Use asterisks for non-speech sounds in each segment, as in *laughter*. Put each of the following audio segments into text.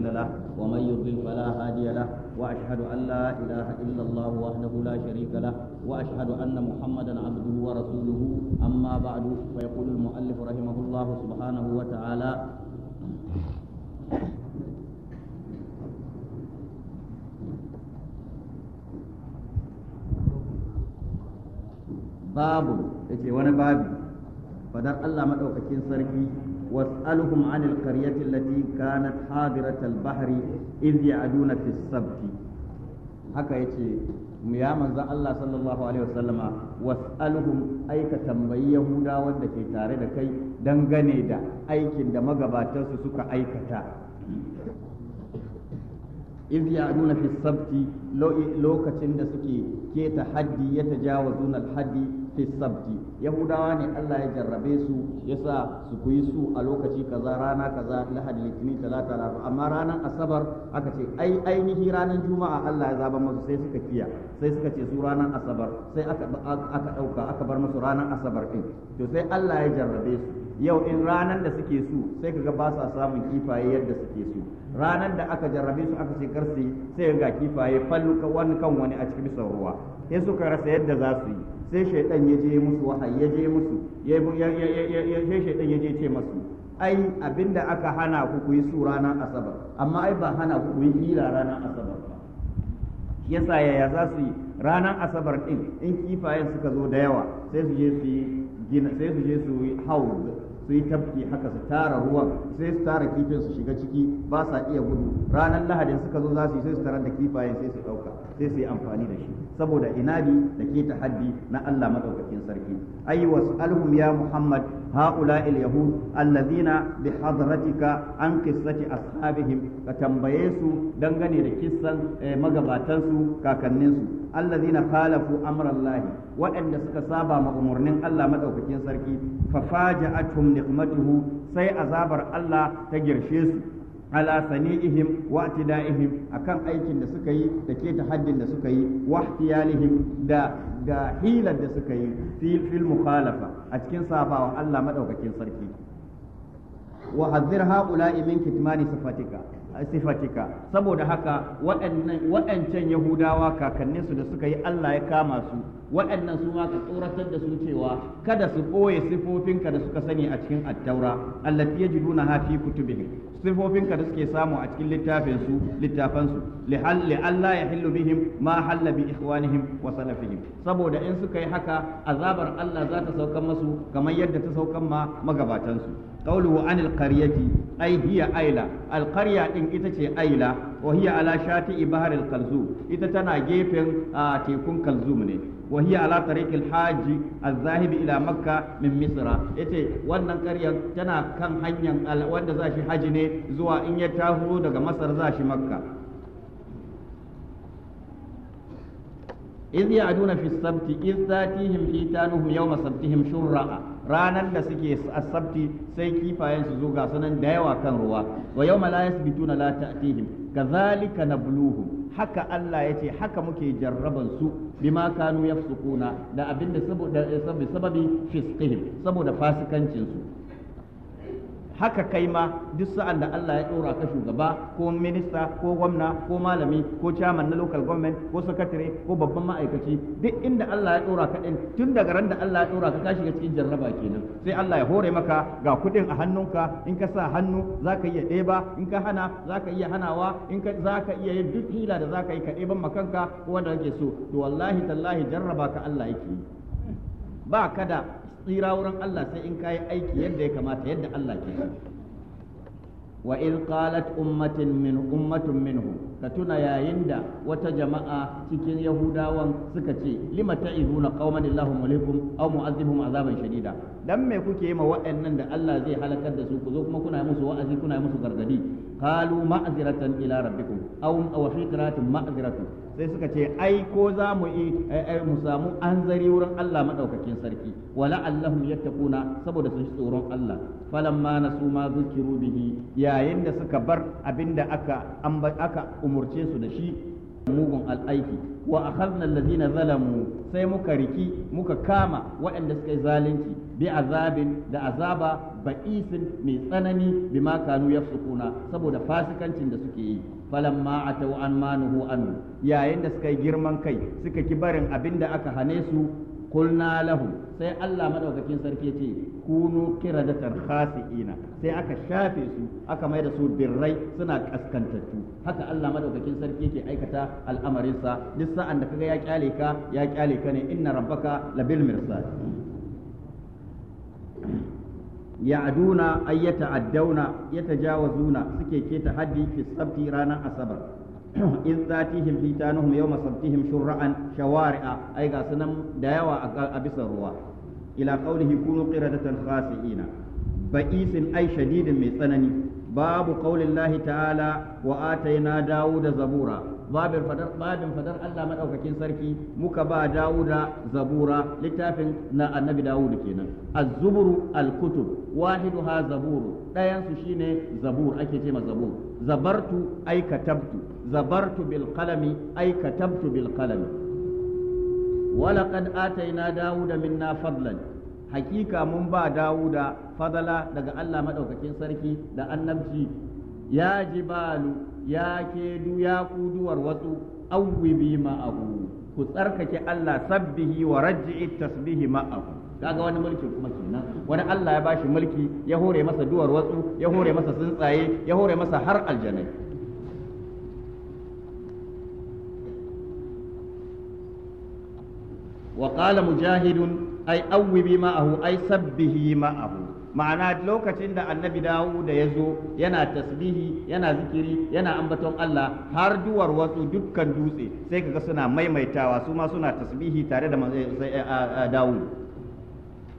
مضل له ومن يضلل فلا هادي له وأشهد أن لا إله إلا الله وحده لا شريك له وأشهد أن محمدا عبده ورسوله أما بعد فيقول المؤلف رحمه الله سبحانه وتعالى babu yace wani babi fadar Allah madaukakin sarki واسألهم عن القرية التي كانت حاضرة البحر إذ يعدون في السبت haka ya ce ya manzan Allah sallallahu Alaihi wasallama was'aluhum aika tambayi Yahudawan da ke tare da kai dangane da aikin da magabatansu suka aikata. iz ya nuna fi sabti lokacin da suke keta haddi ya ta al-haddi fi sabti yahudawa ne Allah ya jarrabe su yasa su kuyi su a lokaci kaza rana kaza lahadi litinin talata laraba amma ranar asabar aka ce ai ainihi ranar juma'a Allah ya zaba masu sai suka kiya sai suka ce su ranar asabar sai aka aka dauka aka bar musu ranar asabar din to sai Allah ya jarrabe su yau in ranar da suke su sai kaga ba sa samun kifaye yadda suke su ranar da aka jarrabe su aka ce karsi sai ga kifaye fallu wani kan wani a cikin ruwa sai suka rasa yadda za su yi sai shaidan ya je musu wahayi ya je musu ya shaidan ya je ce masu ai abinda aka hana ku ku yi su ranar asabar amma ai ba hana ku ku yi hila ranar asabar ba yasa yaya za su yi ranar asabar din in kifayen suka zo da yawa sai su je su yi gina sai su je su yi haul su yi tafki haka su tara ruwan sai su tara kifin su shiga ciki ba sa iya gudu ranar lahadin suka zo za su yi sai su tarar da kifayen sai su ɗauka sai su yi amfani da shi saboda inabi da ke ta haddi na Allah madaukakin sarki ai was'alhum ya Muhammad ha'ula'il yahud allazina bi hadratika an qissati ashabihim ka tambaye su dangane da kissan eh, magabatan su kakannin su allazina khalafu amrallahi waɗanda suka saba ma umarnin Allah madaukakin sarki fafaja faja'atuhum niqmatuhu sai azabar Allah ta girshe su ala sani'ihim wa atida'ihim akan aikin da suka yi da ta haddin da suka yi wa ihtiyalihim da da hilar da suka yi fil fil mukhalafa a cikin sabawa Allah madaukakin sarki wa hadzir haula'i min kitmani sifatika sifatika saboda haka waɗancan yahudawa kakanninsu da suka yi Allah ya kama su waɗannan su ma ka tsoratar da su cewa kada su ɓoye sifofinka da suka sani a cikin attaura allati yajiduna ha fi kutubihim sifofin ka da suke samu a cikin littafin su li Allah ya hillu bihim ma halla bi ikhwanihim wa salafihim saboda in suka yi haka azabar Allah za ta saukan masu kamar yadda ta saukan ma magabatansu su qawluhu anil qaryati ay hiya aila al qarya din ita ce aila وهي على شاطئ بحر الكلزوم إذا تنا جيفن آه، تيكون كلزوم ني وهي على طريق الحاج الذاهب إلى مكة من مصر إتي wannan ƙaryar tana kan hanyar wanda za shi haji ne zuwa in ya taho daga Masar za Makka إذ يعدون في السبت إذ تاتيهم حيتانهم يوم سبتهم شرعا ranar da suke asabti sai kifayen su zo ga sunan da yawa kan ruwa wa yawma la yasbituna la ta'tihim na nabluhum haka Allah yace haka muke jarraban su bima kanu yafsukuna da abinda saboda sababi fiskihim saboda fasikancin su haka kai ma duk sa'an da Allah ya ɗora ka shugaba ko minista ko gwamna ko malami ko chairman na local government ko sakatare ko babban ma'aikaci duk inda Allah ya dora ka din tun daga ran da Allah ya ɗora ka ka shiga cikin jarraba kenan sai Allah ya hore maka ga kuɗin a hannunka in ka sa hannu zaka ka iya ɗeba in ka hana za iya hanawa in ka za iya yin duk hila da zaka yi ka ɗeban makanka ko wanda kake so to wallahi tallahi jarraba ka Allah yake ba kada tsira wurin Allah sai in kayi aiki yadda ya kamata yadda Allah ke wa in qalat ummatin min ummatun ka tuna yayin da wata jama'a cikin yahudawan suka ce lima ta'iduna qauman illahu mulikum aw mu'azzibhum azaban shadida dan me kuke yi ma waɗannan da Allah zai halakar da su ku zo kuma kuna musu wa'azi kuna musu gargadi qalu ma'aziratan ila rabbikum aw aw fi qiratin ma'ziratu sai suka ce ai ko za mu yi eh, eh, mu samu anzari wurin Allah madaukakin sarki wala allahum yattaquna saboda su tsoron Allah falamma nasu ma zukiru bihi yayin da suka bar abinda aka aka umurce su da shi mugun al'aiki wa akhadna allazina zalamu sai muka riki muka kama waɗanda suka yi zalunci bi azabin da azaba ba'isin mai tsanani bima kanu yafsukuna saboda fasikancin da suke yi falamma atau an manuhu anu yayin da suka yi girman kai suka ki barin abin da aka hane su kulna lahu sai Allah madaukakin sarki ce kunu kiradatan khasi'ina sai aka shafe su aka mai da su birrai suna kaskantattu haka Allah madaukakin sarki yake aikata al'amarinsa duk sa'an da kaga ya kyale ka ya kyale ka ne inna rabbaka labil mirsad ya'duna ay yata'addawna yatajawazuna suke keta ta fi sabti ranar asabar *clears throat* in zatihim fitanuhum yawma sabtihim shur'an shawari'a ai ga sunan da yawa a bisa ruwa ila qawlihi kunu qiradatan khasi'ina ba'isin ai shadidin mai tsanani babu qaulillahi ta'ala wa dawo dawuda zabura babin fadar babin fadar Allah madaukakin sarki muka ba Dawuda zabura littafin na annabi Dawudu kenan az-zuburu al-kutub ha zaburu dayan su shine zabur ake ce ma zabur zabartu ay katabtu zabartu bil qalami ay katabtu bil qalami ولقد آتينا hakika mun ba Dawuda fadala daga Allah madaukakin sarki da annabci ya jibalu ya ke du ya ku duwar wasu awwibi ma'ahu ku tsarkake Allah sabbihi wa raj'i tasbihi ma'ahu kaga wani mulki kuma kenan wani Allah ya bashi mulki ya hore masa duwar wasu ya hore masa tsuntsaye ya hore masa har aljanai wa qala mujahidun ay awwibi ma'ahu ay sabbihi ma'ahu ma'ana lokacin da annabi dawo da ya zo yana tasbihi yana zikiri yana ambaton Allah har duwar wasu dukkan dutse sai kaga suna maimaitawa su ma suna tasbihi tare da dawo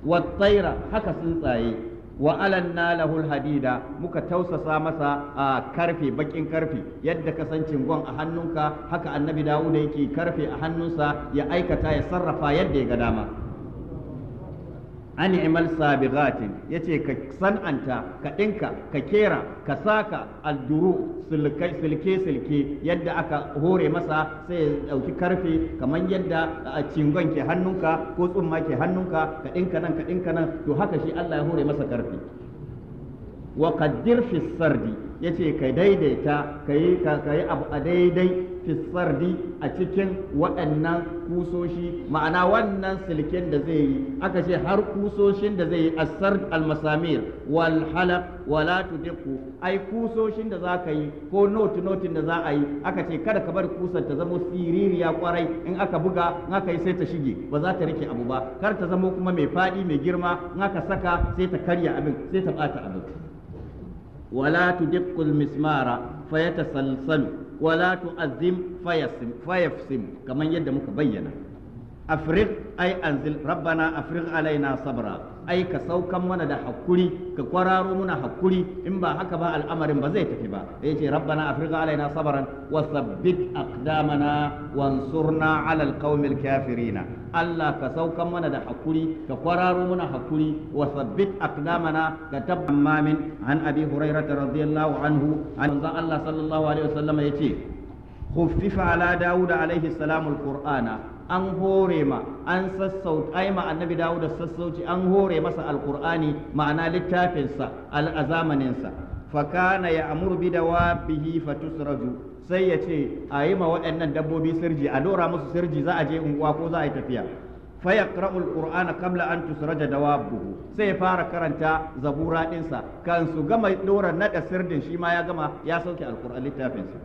wa tsaira haka tsuntsaye wa alanna lahul hadida muka tausasa masa a karfe bakin karfe yadda ka kasancin gon a hannunka haka annabi dawo da yake karfe a hannunsa ya aikata ya sarrafa yadda ya ga dama an imal sabighatin yace ka san'anta ka ɗinka ka kera ka saka alduru silkai silke silke yadda aka hore masa sai ya ɗauki karfe kamar yadda cingon ke hannunka ko tsumma ke hannunka ka dinka nan ka dinka nan to haka shi Allah ya hore masa karfe wa qaddir fi sardi yace ka daidaita kai ka kai abu a daidai fisfardi a cikin waɗannan kusoshi ma'ana wannan silken da zai yi aka ce har kusoshin da zai yi asar almasamir wal halaq wala tudiku ai kusoshin da za ka yi ko noti notin da za a yi aka ce kada ka bar kusar ta zama siririya kwarai in aka buga in aka yi sai ta shige ba za ta rike abu ba kar ta zama kuma mai faɗi mai girma in aka saka sai ta karya abin sai ta ɓata abin wala tudiku almismara ولا تؤذم فيسم فيفسم كما يد مكبينا أفرغ أي أنزل ربنا أفرغ علينا صبرا ai ka saukan mana da hakuri ka kwararo muna hakuri in ba haka ba al'amarin ba zai tafi ba ya ce rabbana afirka alaina sabaran wa sabbit aqdamana wansurna ala alqaumil kafirina Allah ka saukan mana da hakuri ka kwararo muna hakuri wa sabbit aqdamana ka tabamma min an abi hurairah radiyallahu anhu an Allah sallallahu alaihi wasallam yace خفف على داود عليه salamul القرآن an hore ma an sassauta ai ma annabi Dawud sassauci an hore masa alqur'ani ma'ana littafinsa sa fa kana ya'muru bi dawabihi fatusraju sai ya ce a yi ma waɗannan dabbobi sirji a dora musu sirji za a je unguwa ko za a yi tafiya fa yaqra'u qur'ana qabla an tusraja dawabuhu sai ya fara karanta zabura ɗinsa kan su gama dora nada sirdin shi ma ya gama ya sauke alqur'an littafinsa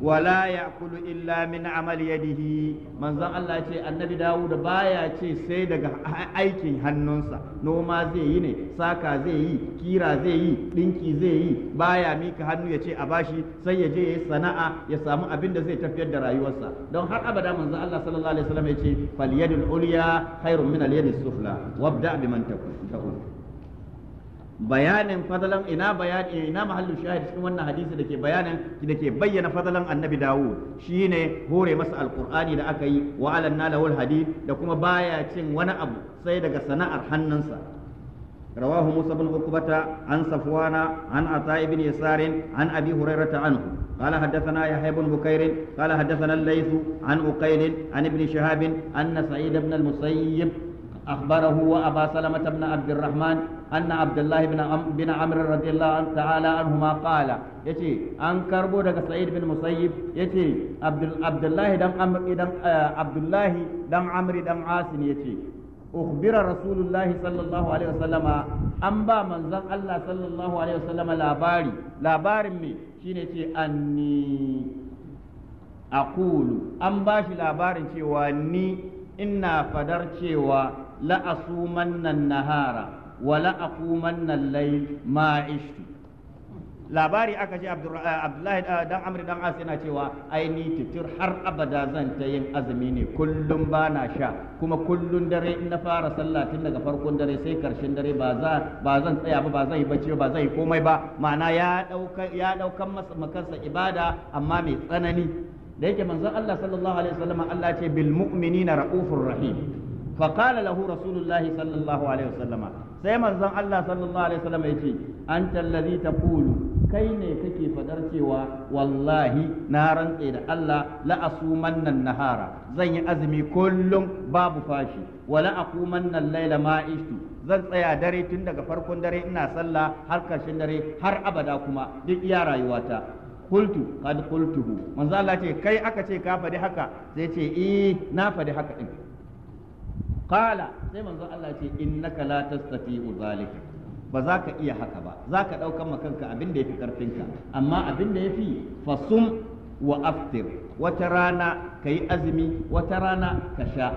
wala ya ya'kulu illa min amal yadihi manzon Allah ce annabi Dawuda baya ce sai daga aikin hannunsa noma zai yi ne saka zai yi kira zai yi dinki zai yi baya mika hannu ya ce a bashi sai ya je ya sana'a ya samu abin da zai tafiyar da rayuwarsa don har abada manzon Allah sallallahu ya ce fal yadul ulya khairun min al yadis sufla wabda biman takun bayanin fadalan ina bayani ina mahallin shahid cikin wannan hadisi da ke bayanin da ke bayyana fadalan annabi dawud shine hore masa alqur'ani da aka yi wa alanna lahul hadid da kuma baya cin wani abu sai daga sana'ar hannunsa رواه موسى بن عقبة عن صفوان عن عطاء بن يسار عن أبي هريرة عنه قال حدثنا يحيى بن بكير قال حدثنا الليث عن أقيل عن ابن شهاب أن سعيد بن المسيب أخبره وأبا سلمة بن عبد الرحمن أن عبد الله بن عم بن عمرو رضي الله عنه تعالى عنهما قال يتي أن كربو دك سعيد بن مسيب يتي عبد عبد الله دم عمرو دم عبد الله دم عمرو دم عاصم يتي أخبر رسول الله صلى الله عليه وسلم أن با من الله صلى الله عليه وسلم لا باري لا باري مي شيني أني أقول أن باش لا باري شي ina fadar cewa la'asumanna nahara wa la'aqumanna al-layl ma labari aka ce eh, abdullahi eh, dan amri dan as yana cewa aini titir har abada zan ta yin azumi ne kullum ba na sha kuma kullum dare in na fara sallah tun daga farkon dare sai karshen dare ba za ba zan tsaya ba ba zan yi bacci ba zan yi komai ba ma'ana ya dauka ya daukan masa makansa ibada amma mai tsanani da yake manzon Allah sallallahu alaihi wasallam Allah ce bil mu'minina raufur rahim fa qala lahu rasulullahi sallallahu alaihi wasallama sai manzon Allah sallallahu alaihi ce an anta allazi taqulu kai ne kake fadar cewa wallahi na rantse da Allah la asumannan nahara zan yi azumi kullum babu fashi wala aqumannan laila ma zan tsaya dare tun daga farkon dare ina sallah har ƙarshen dare har abada kuma duk iya rayuwata kultu kad kultuhu manzo Allah ce kai aka ce ka faɗi haka sai ce eh na faɗi haka din qala sai manzo Allah ce innaka la tastati'u zalika ba za ka iya haka ba za ka ɗaukan makanka abin da ya fi ƙarfinka amma abin da ya fi fasum wa aftir wata rana ka yi azumi wata rana ka sha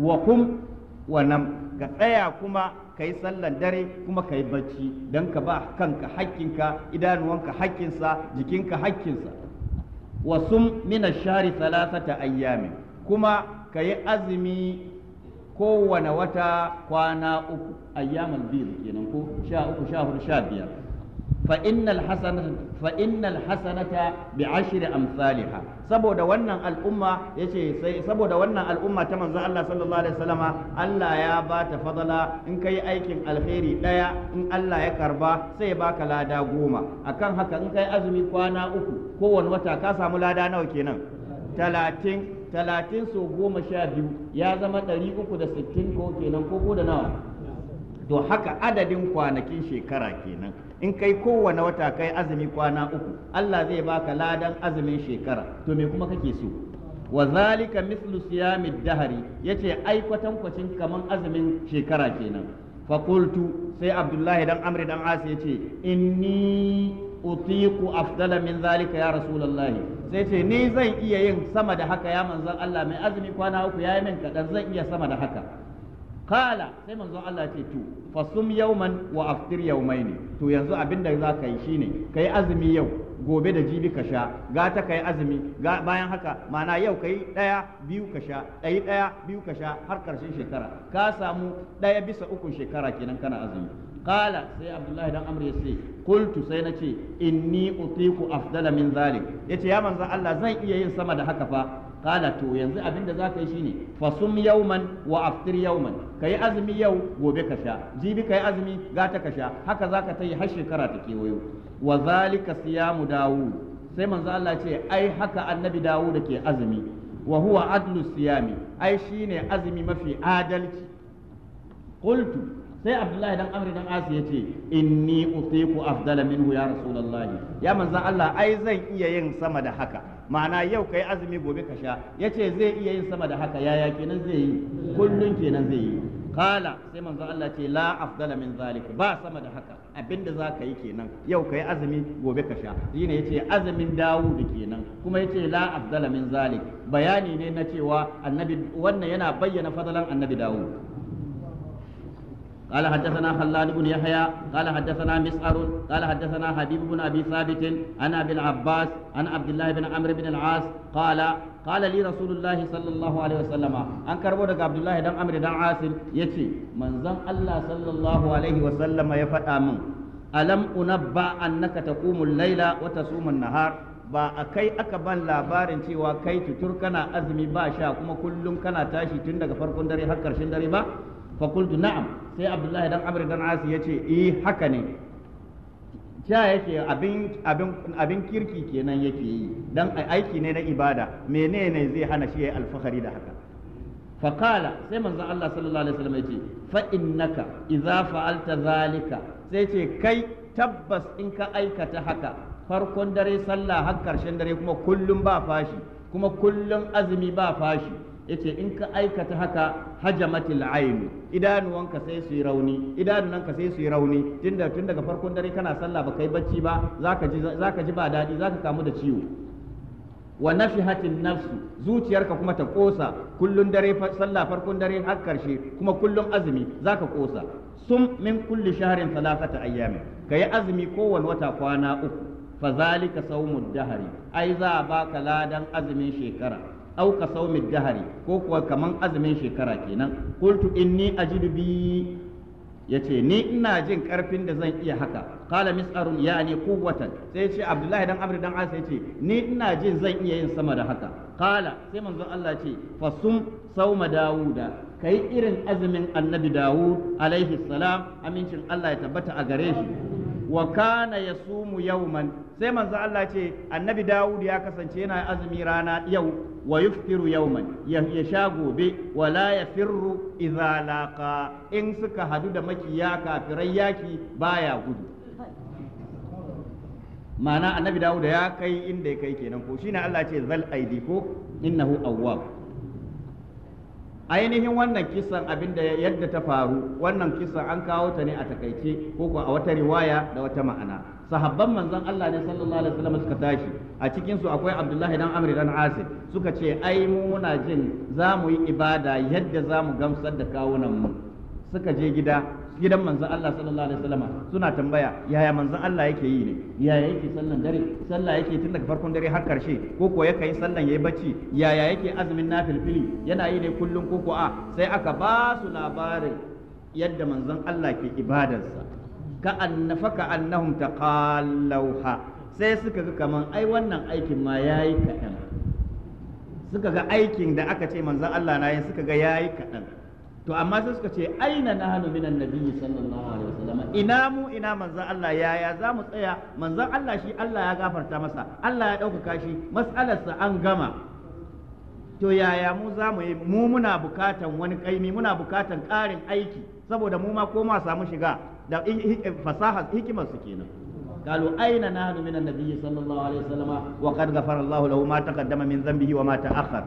wa kum wa nam ka tsaya kuma ka yi sallan dare kuma ka yi bacci don ka ba kanka hakkinka idanuwanka hakkinsa jikinka hakkinsa wa mina shari salasata ayyamin kuma ka yi azumi kowane wata kwana uku ayyaman biyu kenan ko sha uku sha hudu sha biyar fa innal hasanata fa innal hasanata bi ashri amsalha saboda wannan al'umma yace sai saboda wannan al'umma ta manzo Allah sallallahu alaihi wasallama Allah ya ba ta fadala in kai aikin alkhairi daya in Allah ya karba sai ya baka lada goma akan haka in kai azumi kwana uku kowane wata ka samu lada nawa kenan talatin talatin sau goma sha biyu ya zama ɗari uku da sittin ko kenan ko da nawa to haka adadin kwanakin shekara kenan in kai kowane wata kai azumi kwana uku Allah zai baka ladan azumin shekara to me kuma kake so wa zalika mithlu siyami dahari yace ai kwatankwacin kaman azumin shekara kenan qultu sai abdullahi dan amri dan asi yace inni utiku afdala min zalika ya rasulullahi sai ce ni zan iya yin sama da haka ya manzon Allah mai azumi kwana uku yayi min kadan zan iya sama da haka kala sai manzon Allah ce to fasum yawman wa aftir yawmaini to yanzu abinda za ka yi shine kai azumi yau gobe da jibi ka sha gata kai azumi ga bayan haka mana yau kai daya biyu ka sha ɗaya, daya biyu ka sha har karshen shekara ka samu daya bisa uku shekara kenan kana azumi kala sai abdullahi dan amri yace qultu sai nace inni utiku afdala min zalik yace ya manzo Allah zan iya yin sama da haka fa kala to yanzu abinda zaka yi shine fasum yawman wa aftir yawman kai azumi yau gobe ka sha jibi kai azumi gata ka sha haka zaka ta yi har shekara ta kewayo wa zalika mu dawo. sai manzo Allah ce ai haka annabi dawud ke azumi wa huwa adlu siyami ai shine azumi mafi adalci qultu sai abdullahi dan amri dan asu yace inni utiku afdala minhu ya rasulullah ya manzan Allah ai zan iya yin sama da haka ma'ana yau kai azumi gobe ka sha yace zai iya yin sama da haka yaya kenan zai yi kullun kenan zai yi kala sai manzan Allah ce la afdala min zalik ba sama da haka abinda za ka yi kenan yau kai azumi gobe ka sha shine yace azumin Dawud kenan kuma yace la afdala min zalik bayani ne na cewa annabi wannan yana bayyana fadalan annabi Dawud قال حدثنا خلاد بن يحيى قال حدثنا مسعر قال حدثنا حبيب بن ابي ثابت عن ابي العباس عن عبد الله بن عمرو بن العاص قال قال لي رسول الله صلى الله عليه وسلم ان كربو دغ عبد الله بن عمرو بن العاص يتي منزل الله صلى الله عليه وسلم يا فدا من الم انبا انك تقوم الليل وتصوم النهار ba a kai aka ban labarin cewa kai tutur kana azumi ba sha kuma kullum kana tashi tun daga farkon dare har karshen dare ba fa qultu na'am sai abdullahi dan amr dan as yace e eh, haka ne ja yake abin abin abin kirki kenan yake yi dan aiki ne na ibada menene zai hana shi ya yi alfakari da haka fa sai manzon Allah sallallahu alaihi wasallam yace fa innaka idza fa'alta zalika sai ce kai tabbas in ka aikata haka farkon dare sallah har karshen dare kuma kullum ba fashi kuma kullum azumi ba fashi yace in ka aikata haka hajamatil ayn idanuwanka sai su yi rauni idanunanka sai su yi rauni tunda tun daga farkon dare kana sallah ba kai bacci ba zaka ji zaka ji ba dadi zaka kamu da ciwo wa nafihatin nafsu zuciyarka kuma ta kosa kullun dare sallah farkon dare har karshe kuma kullun azumi zaka kosa sum min kulli shahrin thalathata ayyamin kayi azumi kowane wata kwana uku fazalika sawmud dahari ai za baka ladan azumin shekara aw ka sawmi dahari ko kuwa kaman azumin shekara kenan qultu inni ajidu bi yace ni ina jin karfin da zan iya haka qala mis'arun yani quwwatan sai ce abdullahi dan amr dan asa yace ni ina jin zan iya yin sama da haka qala sai manzon Allah ce fasum sauma dawuda kai irin azumin annabi dawud alaihi salam amincin Allah ya tabbata a gare shi wa kana yasumu yawman sai manzo Allah ce annabi Dawud ya kasance yana azumi rana yau wa yuftiru yawman ya sha gobe wa la yafirru idza laqa in suka hadu da makiya kafirai yaki baya gudu ma'ana annabi Dawud ya kai inda ya kai kenan ko shine Allah ce zal aidi ko innahu awwab ainihin wannan kisan abin da yadda ta faru wannan kisan an kawo ta ne a takaice ko a wata riwaya da wata ma'ana sahabban manzon Allah ne sallallahu alaihi wasallam suka tashi a cikin su akwai Abdullahi dan Amr dan Asim suka ce ai mu muna jin za mu yi ibada yadda za mu gamsar da kawunan mu suka je gida gidan manzon Allah sallallahu alaihi wasallam suna tambaya yaya manzon Allah yake yi ne yaya yake sallan dare sallah yake tun daga farkon dare har karshe ko ko yake yi sallan yayi bacci yaya yake azumin nafilfili yana yi ne kullun ko ko a sai aka ba su labarin yadda manzon Allah ke ibadarsa ka annafaka annahum taqallauha sai suka ga kaman ai wannan aikin ma yayi kaɗan suka ga aikin da aka ce manzon Allah na yi suka ga yayi kaɗan to amma sai suka ce aina na nahnu minan nabiyyi sallallahu alaihi wasallam ina mu ina manzon Allah ya ya za mu tsaya manzon Allah shi Allah ya gafarta masa Allah ya ɗaukaka shi mas'alarsa an gama to yaya mu za mu yi mu muna bukatan wani kaimi muna bukatan ƙarin aiki saboda mu ma ko ma samu shiga da fasaha hikimar su kenan قالوا أين نحن من النبي صلى الله عليه وسلم وقد غفر الله له ما تقدم من ذنبه وما تأخر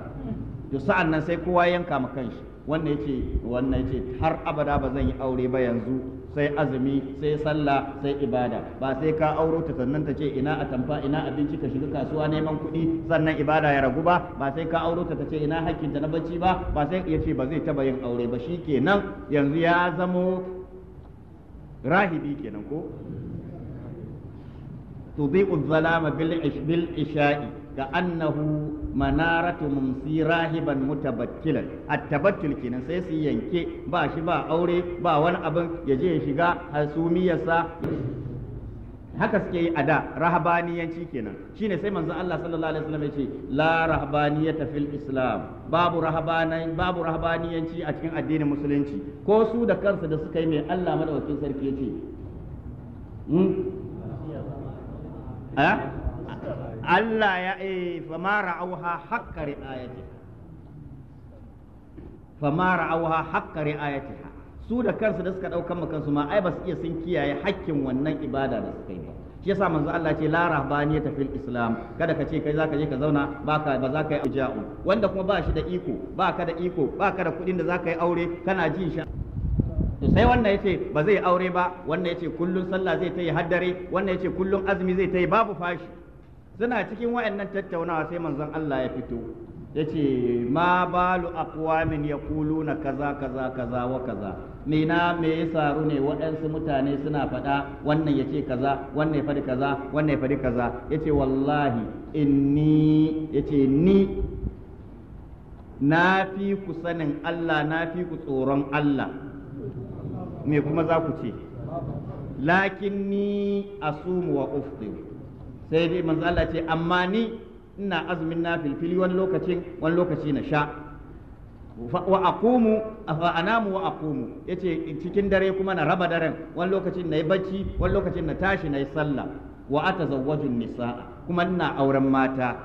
to sa'an nan sai kowa yanka ma kanshi wannan ce wannan har abada ba zan yi aure ba yanzu sai azumi sai sallah sai ibada ba sai ka auro ta sannan ta ce ina atamfa ina abinci ka shiga kasuwa neman kuɗi sannan ibada ya ragu ba ba sai ka auro ta ce ina hakkin ta na bacci ba ba sai ya ce ba zai taba yin aure ba shi shikenan yanzu ya zamo rahibi kenan ko تضيء الظلام بالعشاء كأنه منارة ممسي راهبا متبتلا التبتل كنا سيسي ينكي باشي با أوري با وان أبن يجي شغا هسومي يسا haka suke yi a da rahabaniyanci kenan shine sai manzo Allah sallallahu alaihi wasallam yace la rahabaniyata fil islam babu rahabanan babu rahabaniyanci a cikin addinin musulunci ko su da kansu da suka yi mai Allah madaukakin sarki yace Eh? Allah ya eh famara auha hakkari ayati famara auha hakkari ayati su da kansu da suka daukan su ma ai ba su iya sun kiyaye hakkin wannan ibada da suka yi ba shi yasa manzo Allah ce la rahbaniyata fil islam kada ka ce kai zaka je ka zauna baka ba zaka yi aja'u wanda kuma ba shi da iko ba ka da iko ba ka da kudin da zaka yi aure kana jin sha to sai wannan yace ba zai aure ba wannan yace kullun sallah zai ta yi haddare wannan yace kullun azumi zai ta yi babu fashi suna cikin wayannan tattaunawa sai manzon Allah ya fito yace ma balu aqwamin yaquluna kaza kaza kaza wa kaza mina me ya saru ne waɗansu mutane suna faɗa wannan ya ce kaza wannan ya faɗi kaza wannan ya faɗi kaza ya ce wallahi inni ya ni na fi ku sanin Allah na fi ku tsoron Allah me kuma za ku ce lakin ni asumu wa uftir sai dai manzo Allah ce amma ni ina azumin nafilfili wani lokacin wani lokaci na sha wa aqumu fa anamu wa aqumu yace cikin dare kuma na raba daren wani lokacin yi bacci wani lokacin na tashi na yi sallah wa atazawwaju nisaa kuma ina auren mata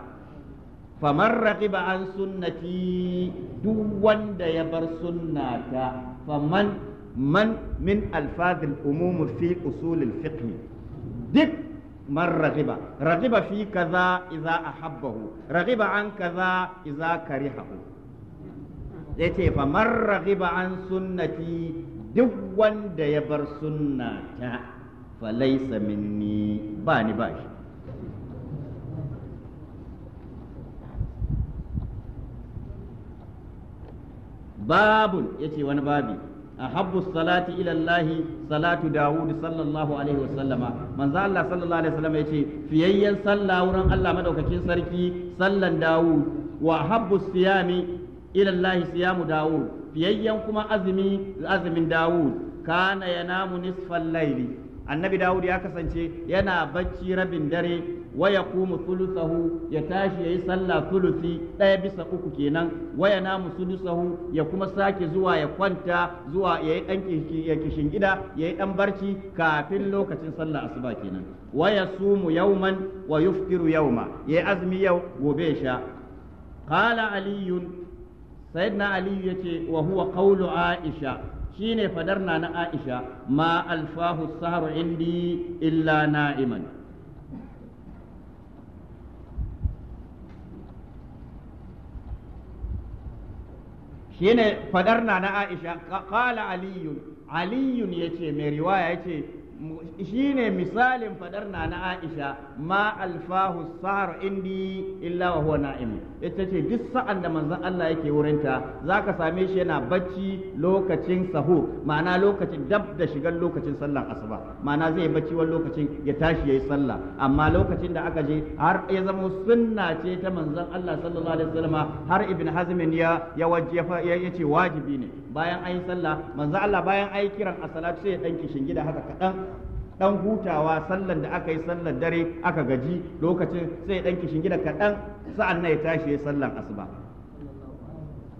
famar raqiba an sunnati duk wanda ya bar sunnata faman man min alfazil umum fi usul al-fiqh duk man ragiba ragiba fi kaza idza ahabbahu ragiba an kaza idza karihahu yace fa man ragiba an sunnati duk wanda ya bar sunnata fa laysa ba ni ba shi babun yace wani babi أحب الصلاة إلى الله صلاة داود صلى الله عليه وسلم من ذا الله صلى الله عليه وسلم يتي في أي صلى ورن الله مدوك كين سركي صلى داود وأحب الصيام إلى الله صيام داود في أي كما أزمي أزم داود كان ينام نصف الليل annabi dawud ya kasance yana bacci rabin dare waya kuma sulusahu ya tashi ya yi sallah sulusi ɗaya bisa uku kenan waya namu sulusahu ya kuma sake zuwa ya kwanta zuwa ya yi ɗan kishin gida ya yi ɗan barci kafin lokacin sallah asuba kenan waya sumu yauman wa yuftiru yauma ya yi azumi yau gobe sha kala aliyun sayyidina aliyu yace wa huwa qawlu aisha Shi ne na na Aisha ma alfahu saharu indi illa na'iman Shi fadar na na Aisha Aliyu aliyun aliyun yace mai riwaya ce. shine misalin fadar na na Aisha ma alfahu sahar indi illa wa huwa na'im ita ce duk sa'an da manzon Allah yake wurinta zaka same shi yana bacci lokacin sahu ma'ana lokacin dab da shigar lokacin sallar asuba ma'ana zai bacci wani lokacin ya tashi yayi sallah amma lokacin da aka je har ya zama sunna ce ta manzon Allah sallallahu alaihi wasallama har ibn hazmin ya ya ya ce wajibi ne bayan an yi sallah manzo Allah bayan an yi kiran a salatu sai ya kishin gida haka kaɗan dan hutawa sallan da aka yi sallar dare aka gaji lokacin sai ya kishin gida kaɗan sa'an nan ya tashi ya sallan asuba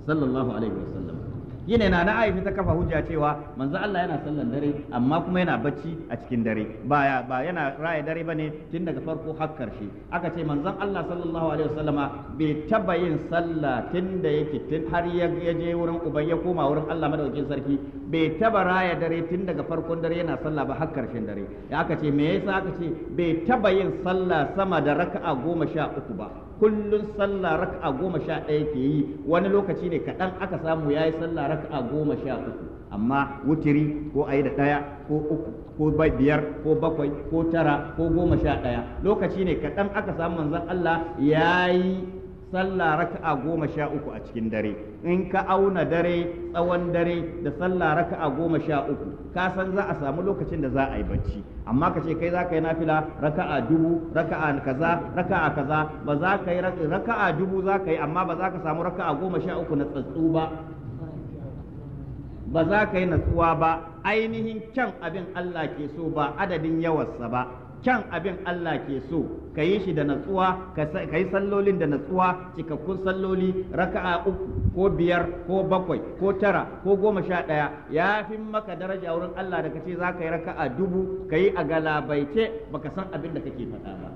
sallallahu alaihi wasallam yine na na aisha ta kafa hujja cewa manzo Allah yana sallan dare amma kuma yana bacci a cikin dare ba ba yana raya dare bane tun daga farko har karshe aka ce manzo Allah sallallahu alaihi wasallama bai taba yin salla tun da yake tun har ya je wurin uban ya koma wurin Allah madaukakin sarki bai taba raya dare tun daga farkon dare yana sallah ba har karshen dare aka ce me yasa aka ce bai taba yin sallah sama da raka'a goma sha uku ba kullun sallah raka'a goma sha ɗaya ke yi wani lokaci ne kaɗan aka samu ya yi sallah raka'a goma sha uku amma wutiri ko a yi da ɗaya ko uku ko biyar ko bakwai ko tara ko goma sha ɗaya lokaci ne kaɗan aka samu manzon Allah ya yi sallah raka'a goma sha uku a cikin dare in ka auna dare tsawon dare da sallah raka'a goma sha uku ka san za a samu lokacin da za a yi bacci amma ka ce kai za ka yi nafila raka'a dubu raka'a kaza raka'a kaza ba za ka yi raka'a dubu za ka yi amma ba za ka samu raka'a goma sha uku na tsatsu ba ba za ka yi natsuwa ba ainihin kyan abin Allah ke so ba adadin yawarsa ba kyan abin Allah ke so ka yi shi da natsuwa ka yi sallolin da natsuwa cikakkun salloli raka'a uku ko biyar ko bakwai ko tara ko goma sha ɗaya ya fi maka daraja wurin Allah da ka ce za ka yi raka'a dubu ka yi a galabaice baka san abin da kake faɗa ba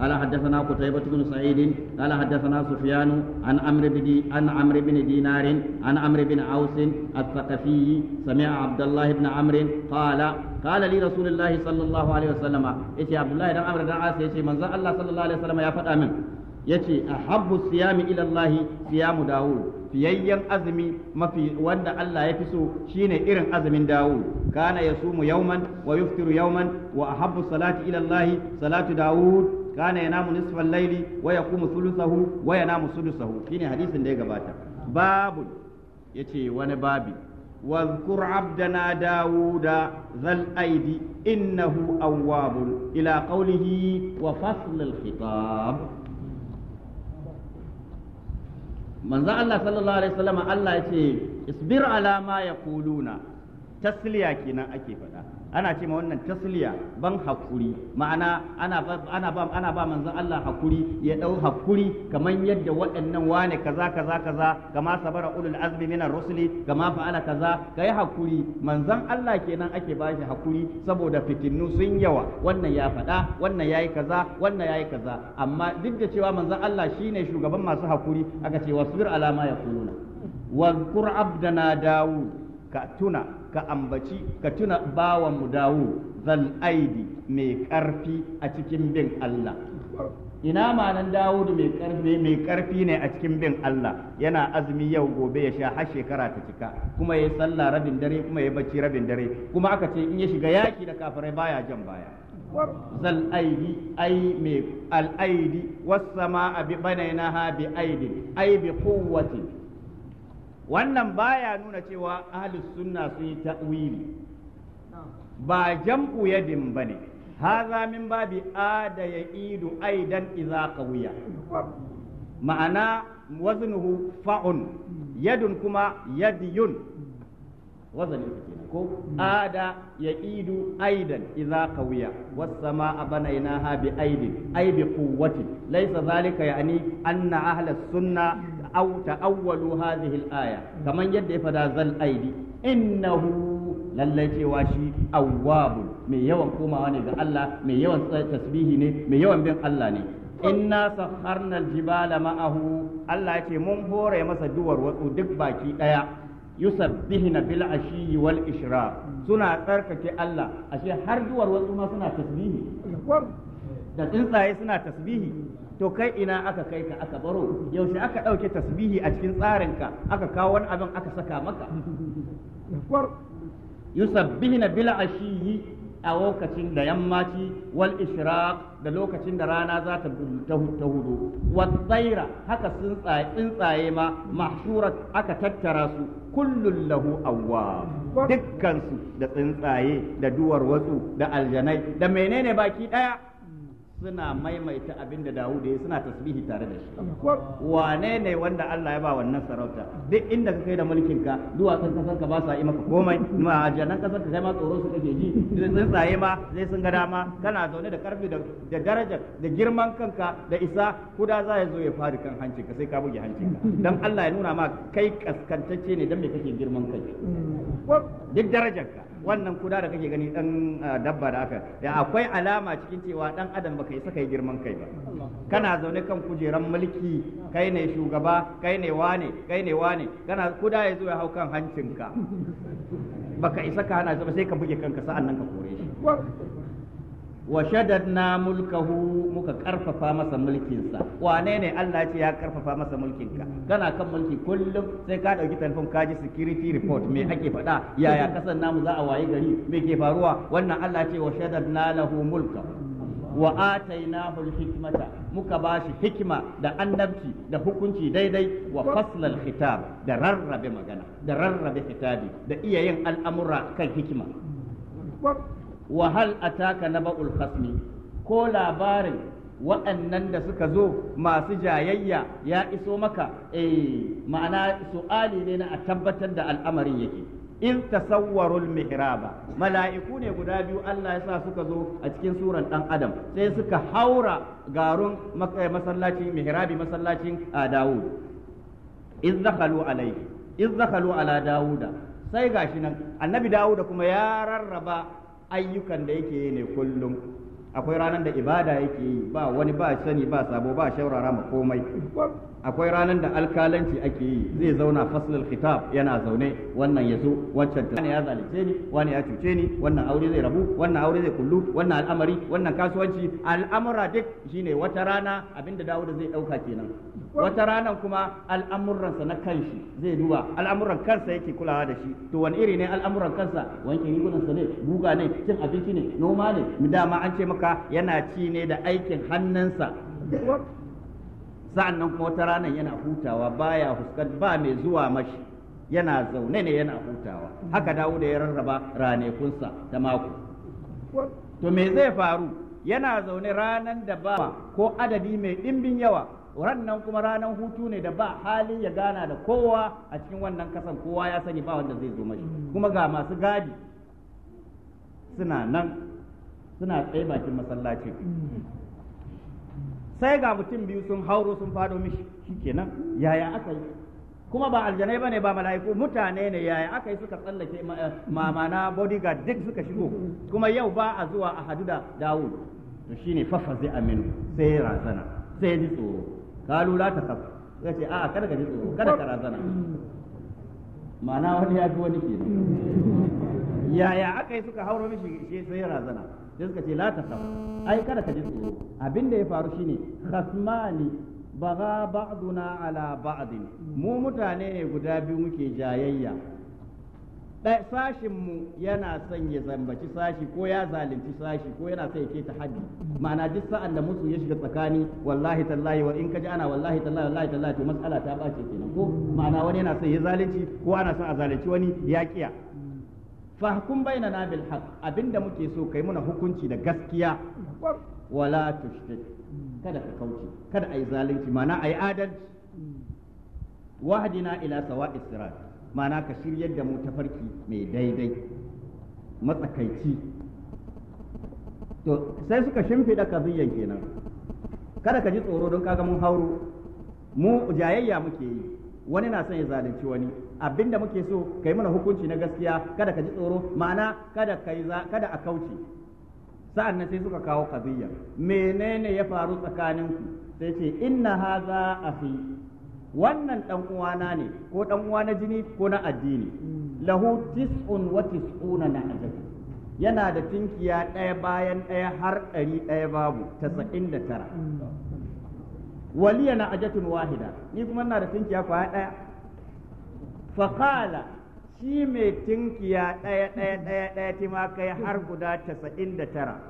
قال حدثنا قتيبة بن سعيد قال حدثنا سفيان عن عمرو بن عن عمرو بن دينار عن عمرو بن عوس الثقفي سمع عبد الله بن عمرو قال قال لي رسول الله صلى الله عليه وسلم يتي عبد الله بن عمرو بن عاص يتي من الله صلى الله عليه وسلم يا فدا من yace ahabbu siyami ila Allah siyamu Dawud fiyayyen azumi mafi wanda Allah ya fi so shine irin azumin Dawud kana yasumu yawman wa yuftiru yawman wa ahabbu salati ila Allah salatu Dawud كان ينام نصف الليل ويقوم ثلثه وينام ثلثه شيني حديث ده غباتا باب يتي وانا بابي واذكر عبدنا داوود ذا الأيد إنه أواب إلى قوله وفصل الخطاب من ذا الله صلى الله عليه وسلم الله يتي اصبر على ما يقولون tasliya kenan ake faɗa ana ce ma wannan tasliya ban hakuri ma'ana ana ba ana ba manzon Allah hakuri ya dau hakuri kaman yadda waɗannan wane kaza kaza kaza kama sabara ulul azmi minar rusuli kama fa'ala kaza kai hakuri manzon Allah kenan ake ba shi hakuri saboda fitinnu sun yawa wannan ya faɗa wannan yayi kaza wannan yayi kaza amma duk da cewa manzon Allah shine shugaban masu hakuri aka ce wasbir alama ya yaquluna wa abdana daud ka tuna ka ambaci ka tuna bawan mu dawo zal aidi mai karfi a cikin bin Allah ina manan Dawudu mai karfi mai karfi ne a cikin bin Allah yana azumi yau gobe ya sha har shekara ta cika kuma yayi sallah rabin dare kuma yayi bacci rabin dare kuma aka ce in ya shiga yaki da kafirai baya jan baya zal aidi ai mai al aidi was bi banaynaha bi aidi ai bi quwwati wannan baya nuna cewa ahlus sunna sun yi ta'wili ba jam'u yadin bane haza min babi ada ya idu aidan iza qawiya ma'ana waznuhu fa'un yadun kuma yadiyun wazan kenan ko ada ya idu aidan iza qawiya was samaa banaynaha bi aidin ay bi quwwati zalika yani anna ahlus sunna أو تأولوا هذه الآية كما يد فدا ذا الأيدي إنه lallai cewa shi awwabun mai yawan komawa ne ga Allah mai yawan tasbihi ne mai yawan bin Allah ne inna sakharna aljibala ma'ahu Allah ya ce mun hore masa duwar watsu duk baki daya yusabbihuna bil ashiyi wal ishraq suna tsarkake Allah ashe har duwar watsu ma suna tasbihi da tsuntsaye suna tasbihi to kai ina aka kai ka aka baro yaushe aka ɗauke tasbihi a cikin tsarinka aka kawo wani abin aka saka maka na bil ashiyi a lokacin da yammaci wal ishraq da lokacin da rana za ta ta hudu tsaira haka tsuntsaye tsuntsaye ma mahshurat aka tattara su kullun lahu awwa dukkan su da tsuntsaye da duwar da aljanai da menene baki daya suna maimaita abin da Dawud ya suna tasbihi tare da shi wane ne wanda Allah ya ba wannan sarauta duk inda ka kai da mulkin ka duwatsun kasar ka ba sa yi maka komai ma janan kasar ka kai ma tsoro su kake ji tsuntsaye ma sai sun ga dama kana zaune da karfi da daraja da girman kanka da isa kuda za ya zo ya fadi kan hancin ka sai ka buge hancin ka dan Allah ya nuna ma kai kaskantacce ne dan me kake girman kai mm. duk darajar ka wannan kuda da kake gani dan ah, dabba da aka ya akwai alama cikin cewa dan adam baka yi saka girman kai ba kana zaune kan kujeran mulki kai ne shugaba kai ne wane kai ne wane kana kuda ya zo ya hau kan hancinka baka isa ka hana sai ka buge kanka sa'an nan ka kore shi wa shaddadna mulkahu muka karfafa masa mulkinsa wane ne Allah ce ya karfafa masa mulkin ka kana kan mulki kullum sai ka dauki telefon ka ji security report me ake faɗa yaya kasan namu za a waye gari me ke faruwa wannan Allah ce wa shaddadna lahu mulka wa atainahu alhikmata muka bashi hikima da annabci da hukunci daidai wa faslal khitab da rarrabe magana da rarrabe kitabi da iya yin al'amura kan hikima Wahal a taka na baul khasmi ko labarin waɗannan da suka zo masu jayayya ya iso maka eh ma'ana su'ali ne na a tabbatar da al'amarin yake in tasawwarul mihraba mala'iku ne guda biyu Allah ya sa suka zo a cikin suran dan adam sai suka haura garun eh, masallacin mihrabi masallacin ah, Dawud iz dakhalu alayhi iz dakhalu ala Dawuda sai gashi nan annabi Dawuda kuma ya rarraba ayyukan da yake yi ne kullum akwai ranar da ibada yake yi ba wani ba sani ba sabo ba shaurara ma komai akwai ranar da alkalanci ake yi zai zauna faslul khitab yana zaune wannan ya zo wancan ta ya zalunce ni wani ya cuce ni wannan aure zai rabu wannan aure zai kullu wannan al'amari wannan kasuwanci al'amura duk shine wata rana abinda da zai dauka kenan wata ranar kuma al'amuransa na kanshi zai duba al'amuran kansa yake kulawa da shi to wani iri ne al'amuran kansa wanke sa ne guga ne cin abinci ne noma ne dama an ce maka yana ci ne da aikin hannunsa sa'an nan kuma wata ranar yana hutawa baya fuskan ba mai zuwa mashi yana zaune ne yana hutawa haka dawo da ya rarraba ranekunsa da mako to me zai faru yana zaune ranar da ba ko adadi mai ɗimbin yawa rannan kuma ranar hutu ne da ba halin ya gana da kowa a cikin wannan kasan kowa ya sani ba wanda zai zo mashi kuma ga masu gadi suna nan suna tsaye bakin masallacin sai ga mutum biyu sun hauro sun fado mishi shikenan yaya aka yi kuma ba aljanai ba ne ba mala'iku mutane ne yaya aka yi suka tsallake eh, mamana bodyguard duk suka shigo kuma yau ba a zuwa a hadu da dawud to shine zai aminu sai razana sai ji tsoro ka lura ta kafa sai ce a'a kada ka ji tsoro kada ka razana ma'ana wani ya fi wani ke *laughs* yaya aka yi suka hauro mishi sai razana sai suka ce la takhaf ai kada ka ji tsoro abin da ya faru shine khasmani baga ba'duna ala ba'd mu mutane ne guda biyu muke jayayya ɗaya sashin mu yana son ya zambaci sashi ko ya zalunci sashi ko yana son ya keta haddi ma'ana duk sa'an da musu ya shiga tsakani wallahi tallahi wa in kaji ana wallahi tallahi wallahi tallahi to mas'ala ta bace kenan ko ma'ana wani yana son ya zalunci ko ana son a zalunci wani ya kiya fahkum bainana bil haqq abinda muke so kai muna hukunci da gaskiya wala tushrik kada ka kauce kada ai zalunci mana ai adalci wahdina ila sawa'is sirat mana ka shiryar da mu tafarki mai daidai matsakaici to sai suka shimfida kaziyyan kenan kada ka ji tsoro don kaga mun hauro mu jayayya muke yi wani na son ya zalunci wani abinda muke so kai mana hukunci na gaskiya kada ka ji tsoro ma'ana kada kai kada a kauce sa'an nan sai suka kawo qadiyya menene ya faru tsakanin ku sai ce inna haza akhi wannan dan uwana ne ko dan uwa na jini ko na addini lahu tis'un wa tis'una na ajabi yana da tinkiya ɗaya bayan ɗaya har ɗari ɗaya babu tasa'in da tara mm. waliya na ajatun wahida ni kuma ina da tinkiya kwaya ɗaya faƙala shi mai tinkiya ɗaya ɗaya ɗaya ɗaya ma kai har guda casa'in da tara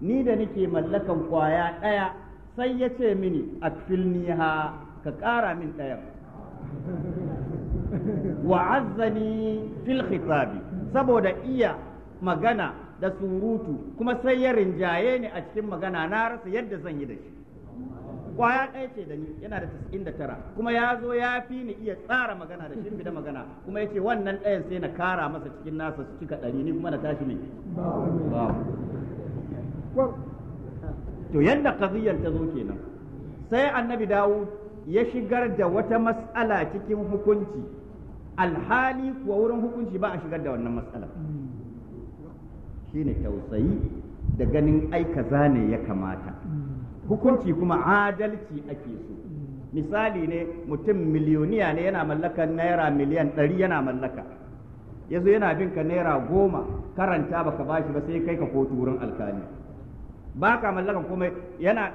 ni da nake mallakan kwaya ɗaya sai ya ce mini a filniha ka ƙara min ɗaya wa'azzani fil khitabi saboda iya magana da surutu kuma sai ya rinjaye ni a cikin magana na rasa yadda zan yi da shi kwaya ɗaya ce da ni yana da tis'in da tara kuma ya zo ya fi ni iya tsara magana da shirfi da magana kuma ya ce wannan ɗayan sai na kara masa cikin nasa su cika ɗari ni kuma na tashi ne to yadda kaziyar ta zo kenan sai annabi dawo ya shigar da wata matsala cikin hukunci alhali kuwa wurin hukunci ba a shigar da wannan mas'ala hmm. shine tausayi da ganin aika zane ya kamata hukunci kuma adalci ake so misali ne mutum miliyoniya ne yana mallaka naira miliyan ɗari yana mallaka ya zo yana bin ka naira goma karanta baka bashi ba sai kai ka kotu wurin alkali ba ka mallakan kuma yana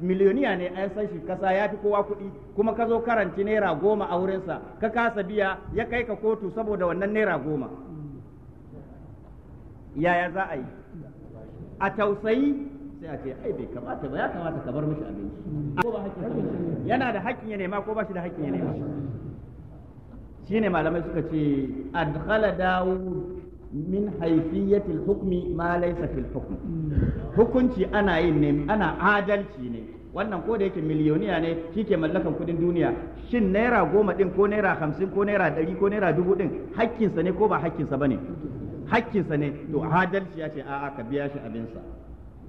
miliyoniya ne an san shi kasa ya fi kowa kuɗi kuma ka zo karanci naira goma a wurinsa ka kasa biya ya kai ka kotu saboda wannan naira goma yaya za a yi a tausayi sai a ce ai bai kamata ba ya kamata ka bar mishi abinci mm. ko ba hakkin yana da hakkin ya nema ko ba shi da hakkin ya nema shine malamai suka ce adkhala dawud min haifiyatil hukmi ma laysa fil hukm mm. hukunci ana yin ne ana adalci ne wannan ko da yake miliyoniya ne ke mallakan kudin duniya shin naira goma din ko naira hamsin ko naira ɗari ko naira dubu din hakkinsa ne ko ba hakkinsa ne. hakkinsa ne to adalci ya ce a'a ka biya shi abinsa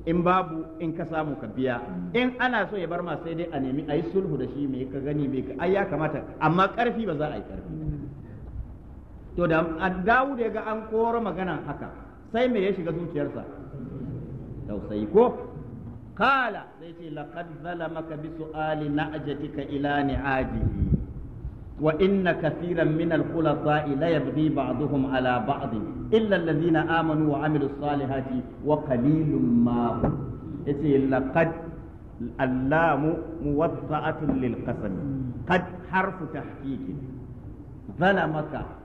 in babu in ka samu ka biya in ana so ya bar ma sai dai a nemi a yi sulhu da shi mai ka gani mai ka ai ya kamata amma karfi ba za a yi karfi to da dawo da ga an koro magana haka sai me ya shiga zuciyarsa tausayi ko kala sai ce laqad zalamaka bi su'ali na'jatika ila ni'ajihi وإن كثيرا من الخلطاء ليبغي بعضهم على بعض إلا الذين آمنوا وعملوا الصالحات وقليل ما هم لقد اللام موضعة للقسم قد حرف تحقيق ظلمك